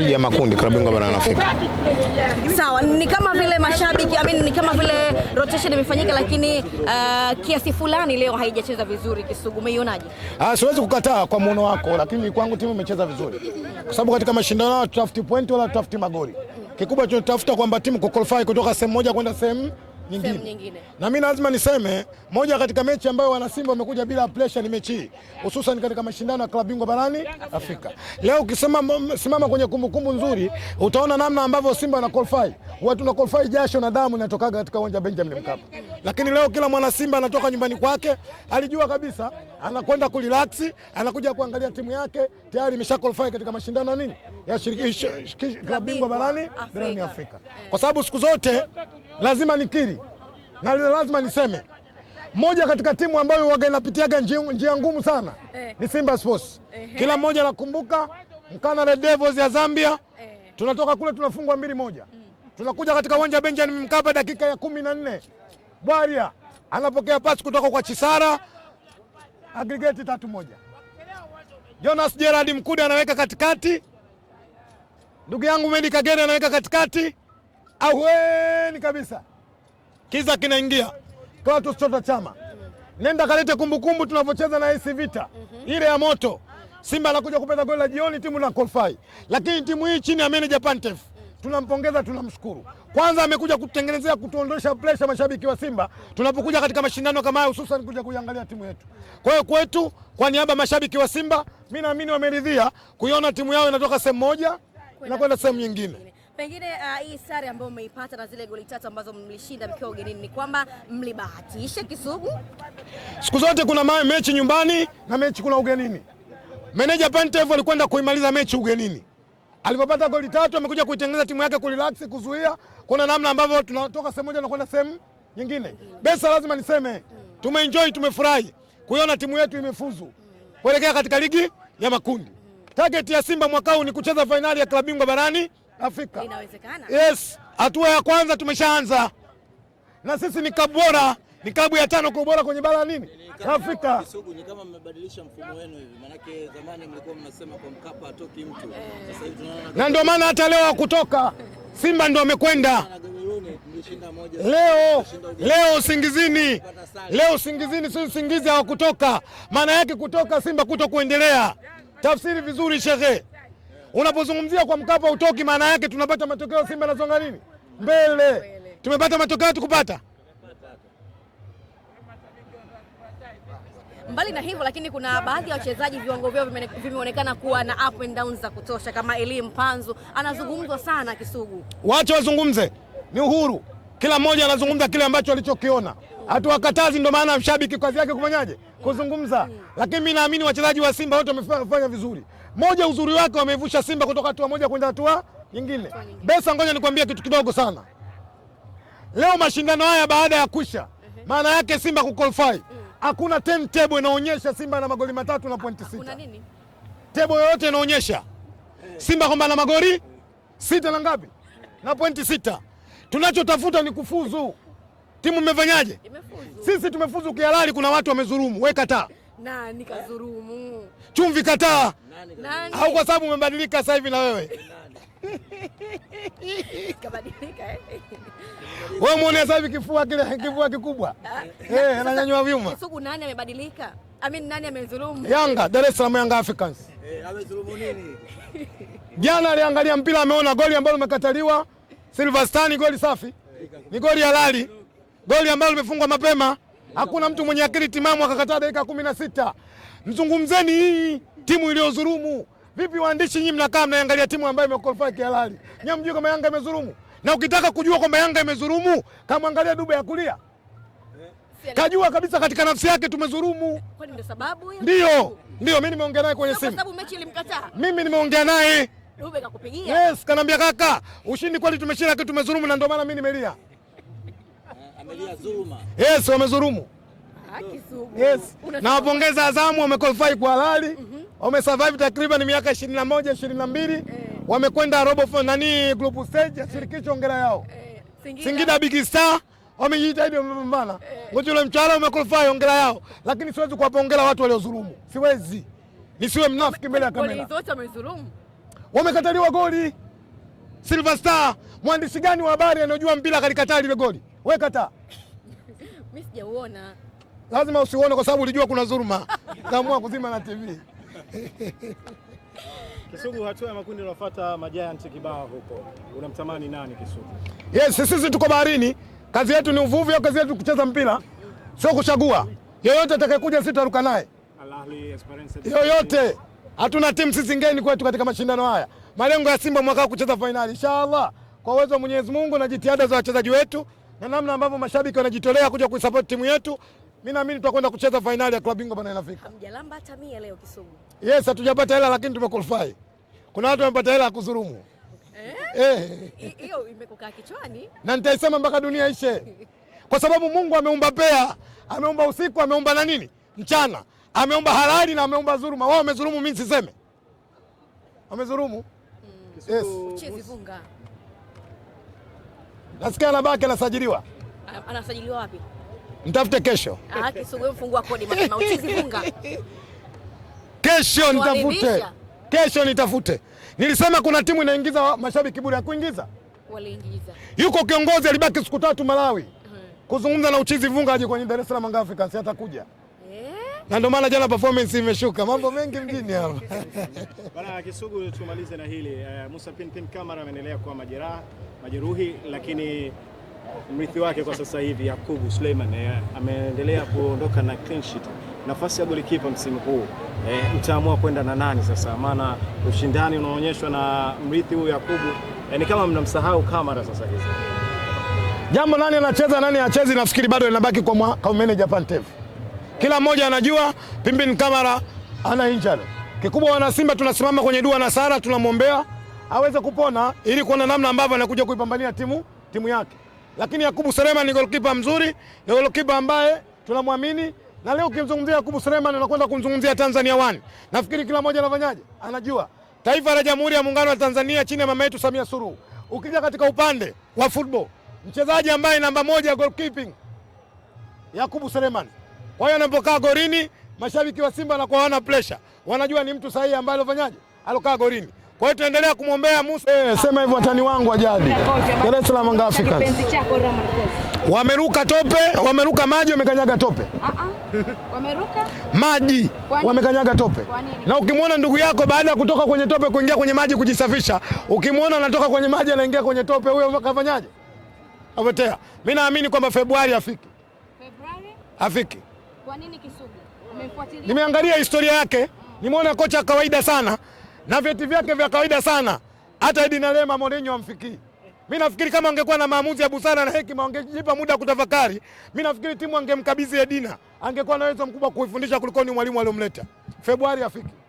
ligi ya makundi klabu bingwa barani Afrika. Sawa, ni kama vile mashabiki I mean, ni kama vile rotation imefanyika, lakini uh, kiasi fulani leo haijacheza vizuri. Kisugu, umeionaje? Ah, siwezi kukataa kwa muono wako, lakini kwangu timu imecheza vizuri, kwa sababu katika mashindano tutafuti point wala tutafuti magoli. Kikubwa tunatafuta kwamba timu kuqualify kutoka sehemu moja kwenda sehemu nyingine. Na mimi lazima niseme moja katika mechi ambayo wana Simba wamekuja bila pressure ni mechi hii, hususan katika mashindano ya klabu bingwa barani Afrika. Leo ukisema simama kwenye kumbukumbu kumbu nzuri, utaona namna ambavyo Simba na qualify. Watu na qualify, jasho na damu inatokaga katika uwanja Benjamin Mkapa. Lakini leo kila mwana Simba anatoka nyumbani kwake, alijua kabisa anakwenda kurelax, anakuja kuangalia timu yake tayari imesha qualify katika mashindano ya nini ya shirikisho klabu bingwa barani barani Afrika, kwa sababu siku zote lazima nikiri na lazima niseme moja katika timu ambayo waga inapitiaga njia ngumu sana eh. ni Simba Sports. Kila mmoja anakumbuka Mkana Devils ya Zambia, eh. tunatoka kule tunafungwa mbili moja, tunakuja katika uwanja Benjamin Mkapa dakika ya kumi na nne Bwaria anapokea pasi kutoka kwa Chisara, aggregate tatu moja. Jonas Gerard Mkude anaweka katikati, ndugu yangu Medi Kagere anaweka katikati aweni kabisa, kiza kinaingia kwa tusichota chama. Nenda kalete kumbukumbu tunavyocheza na AC Vita mhm. ile ya moto. Simba anakuja kupata goli la jioni, timu na qualify, lakini timu hii chini ya manager Pantef tunampongeza tunamshukuru. Kwanza amekuja kutengenezea kutuondosha pressure mashabiki wa Simba tunapokuja katika mashindano kama haya, hususan kuja kuiangalia timu yetu. Kwa hiyo kwetu, kwa niaba mashabiki wa Simba, mimi naamini wameridhia kuiona timu yao inatoka sehemu moja na kwenda sehemu nyingine. Pengine uh, hii sare ambayo umeipata na zile goli tatu ambazo mlishinda mkiwa ugenini ni kwamba mlibahatisha Kisugu? Siku zote kuna mawe, mechi nyumbani na mechi kuna ugenini. Meneja Pantev alikwenda kuimaliza mechi ugenini, alipopata goli tatu amekuja kuitengeneza timu yake, kurelax, kuzuia. Kuna namna ambavyo tunatoka sehemu moja na kwenda sehemu nyingine. Besa, lazima niseme tumeenjoy, tumefurahi kuiona timu yetu imefuzu kuelekea katika ligi ya makundi. Target ya Simba mwaka huu ni kucheza fainali ya klabu bingwa barani Afrika. Inawezekana. Yes, hatua ya kwanza tumeshaanza na sisi ni klabu bora, ni klabu ya tano kwa ubora kwenye bara nini Afrika. Kisugu, ni kama mmebadilisha mfumo wenu hivi, manake zamani mlikuwa mnasema kwa Mkapa hatoki mtu. Eh. Sasa hivi tunaona na ndio maana hata leo hakutoka Simba ndio amekwenda leo leo usingizini, leo usingizini, si usingizi, hawakutoka. Maana yake kutoka Simba kuto kuendelea, tafsiri vizuri shekhe. Unapozungumzia kwa Mkapa utoki, maana yake tunapata matokeo, Simba nasonga nini mbele. Tumepata matokeo tukupata Mbali na hivyo lakini, kuna baadhi ya wachezaji viwango vyao vimeonekana kuwa na up and down za kutosha, kama Eli Mpanzu anazungumzwa sana Kisugu. Wacha wazungumze, ni uhuru, kila mmoja anazungumza kile ambacho alichokiona, hatuwakatazi. Ndio maana mshabiki kazi yake kufanyaje? Kuzungumza. Lakini mi naamini wachezaji wa Simba wote wamefanya vizuri moja uzuri wake wameivusha Simba kutoka hatua moja kwenda hatua nyingine. Besa, ngoja nikwambie kitu kidogo sana. Leo mashindano haya baada ya kusha, mhm. maana yake Simba kuqualify, mm. hakuna timetable inaonyesha Simba na magoli matatu na pointi sita. Table yoyote inaonyesha eh. Simba kwamba na magoli sita na ngapi na pointi sita. Tunachotafuta ni kufuzu. Timu mmefanyaje? Sisi tumefuzu kihalali, kuna watu wamezurumu, we kataa nani kazurumu? Chumvi kataa. Nani? Au kwa sababu umebadilika sasa hivi na wewe? Kabadilika eh. Wewe muone sasa hivi kifua kile kifua kikubwa. Ah. Eh, ananyanyua vyuma. Kisugu nani amebadilika? I mean nani amedhulumu? Yanga, Dar es Salaam Yanga Africans. Eh, amedhulumu nini? Jana aliangalia mpira ameona goli ambalo limekataliwa. Silverstone goli safi. Eh, ni goli halali. Goli ambalo limefungwa mapema. Hakuna mtu mwenye akili timamu akakataa dakika kumi na sita. Mzungumzeni hii timu iliyozulumu. Vipi waandishi nyinyi mnakaa mnaangalia timu ambayo imekwalify kihalali? Nyinyi mjue kama Yanga imezulumu? Na ukitaka kujua kwamba Yanga imezulumu, kama angalia Dube ya kulia. Kajua kabisa katika nafsi yake tumedhulumu. Kwani ndio sababu hiyo? Ndio. Ndio mimi nimeongea naye kwenye simu. sababu mechi ilimkataa. Mimi nimeongea naye. Dube kakupigia. Yes, kanambia kaka, ushindi kweli tumeshinda lakini tumedhulumu na ndio maana mimi nimelia. Yes, wamezurumu. Ah, yes. Nawapongeza Azamu wamequalify kwa halali, mhm. wamesurvive takriban miaka 21 22, eh. wamekwenda robo nani group stage ya eh. shirikisho, ongera yao. Eh. Singida Big Star wamejitahidi, wamepambana. Ngoja mchara umequalify, ongera yao, lakini siwezi kuwapongeza watu waliozulumu, siwezi nisiwe mnafiki mbele ya kamera. Wamekataliwa goli. Silver Star, mwandishi gani wa habari anayojua mpira akalikatali ile goli? wewe kata. Mimi sijauona. Lazima usiuone kwa sababu ulijua kuna dhuluma. Kaamua kuzima na TV. Kisugu, hatua ya makundi unafuata majianti kibao huko. Unamtamani nani Kisugu? Yes, sisi tuko baharini. Kazi yetu ni uvuvi au kazi yetu kucheza mpira. Sio kuchagua. Yoyote atakayekuja sisi tutaruka naye. Al Esperance. Yoyote. Hatuna timu sisi ngeni kwetu katika mashindano haya. Malengo ya Simba mwaka kucheza fainali. Inshallah, kwa uwezo wa Mwenyezi Mungu na jitihada za wachezaji wetu na namna ambavyo mashabiki wanajitolea kuja kuisupport timu yetu, mi naamini tutakwenda kucheza fainali ya klabu bingwa bana, Inafika hamjalamba hata mia leo Kisugu? Yes, hatujapata hela lakini tumequalify. Kuna watu wamepata hela ya kudhulumu eh? Eh. hiyo imekukaa kichwani na nitaisema mpaka dunia ishe, kwa sababu Mungu ameumba pea, ameumba usiku, ameumba na nini mchana, ameumba halali na ameumba dhuluma. Wao wamedhulumu, mimi siseme wamedhulumu. Mm. Yes. Nasikia anabaki anasajiliwa. Anasajiliwa wapi? Mtafute kesho. Ah, mfungua kodi mapema usifunga. Kesho nitafute. Kesho nitafute. Nilisema kuna timu inaingiza mashabiki bure ya kuingiza. Waliingiza. Yuko kiongozi alibaki siku tatu Malawi. Hmm. Kuzungumza na Uchizi Vunga aje kwenye Dar es Salaam Africans atakuja na ndio maana jana performance imeshuka, mambo mengi mjini hapa bana. Kisugu, tumalize na hili uh, Musa Pinpin Kamara ameendelea kuwa majeraha majeruhi, lakini mrithi wake kwa sasa hivi Yakubu Suleiman eh, ameendelea kuondoka na clean sheet. Nafasi ya golikipa msimu huu eh, mtaamua kwenda na nani sasa? Maana ushindani unaonyeshwa na mrithi huyu Yakubu eh, ni kama mnamsahau Kamara sasa hivi. Jambo nani anacheza nani hachezi, nafikiri bado linabaki kwa, kwa manager Pantev. Kila mmoja anajua Pimpin Kamara ana injani. Kikubwa wana Simba tunasimama kwenye dua na sala, tunamwombea aweze kupona ili kuona namna ambavyo anakuja kuipambania timu, timu yake. Lakini Yakubu Suleiman ni golikipa mzuri, ni golikipa ambaye tunamwamini na leo ukimzungumzia Yakubu Suleiman unakwenda kumzungumzia Tanzania One. Nafikiri kila mmoja anafanyaje? Anajua taifa la Jamhuri ya Muungano wa Tanzania chini ya mama yetu Samia Suluhu. Ukija katika upande wa football, mchezaji ambaye namba moja goalkeeping Yakubu Selemani. Kwa hiyo anapokaa gorini, mashabiki wa Simba wanakuwa hawana pressure, wanajua ni mtu sahihi ambaye alofanyaje, alokaa gorini. Kwa hiyo tunaendelea kumwombea Musa. Eh, sema hivyo watani wangu wa jadi Dar es Salaam Yanga wameruka tope, wameruka maji, wamekanyaga tope ah, ah. wameruka maji wamekanyaga tope. Na ukimwona ndugu yako baada ya kutoka kwenye tope kuingia kwenye maji kujisafisha, ukimwona anatoka kwenye maji anaingia kwenye tope, huyo kafanyaje? Apotea. Mimi naamini kwamba Februari afiki, Februari afiki kwa nini Kisugu? Umemfuatilia? Nimeangalia historia yake, nimeona kocha kawaida sana na vyeti vyake vya kawaida sana, hata Edina Lema Mourinho amfikii. Mi nafikiri kama angekuwa na maamuzi ya busara na hekima, angejipa muda kutafakari, mi nafikiri timu angemkabidhi Edina, angekuwa na uwezo mkubwa kuifundisha ni mwalimu aliyomleta Februari afiki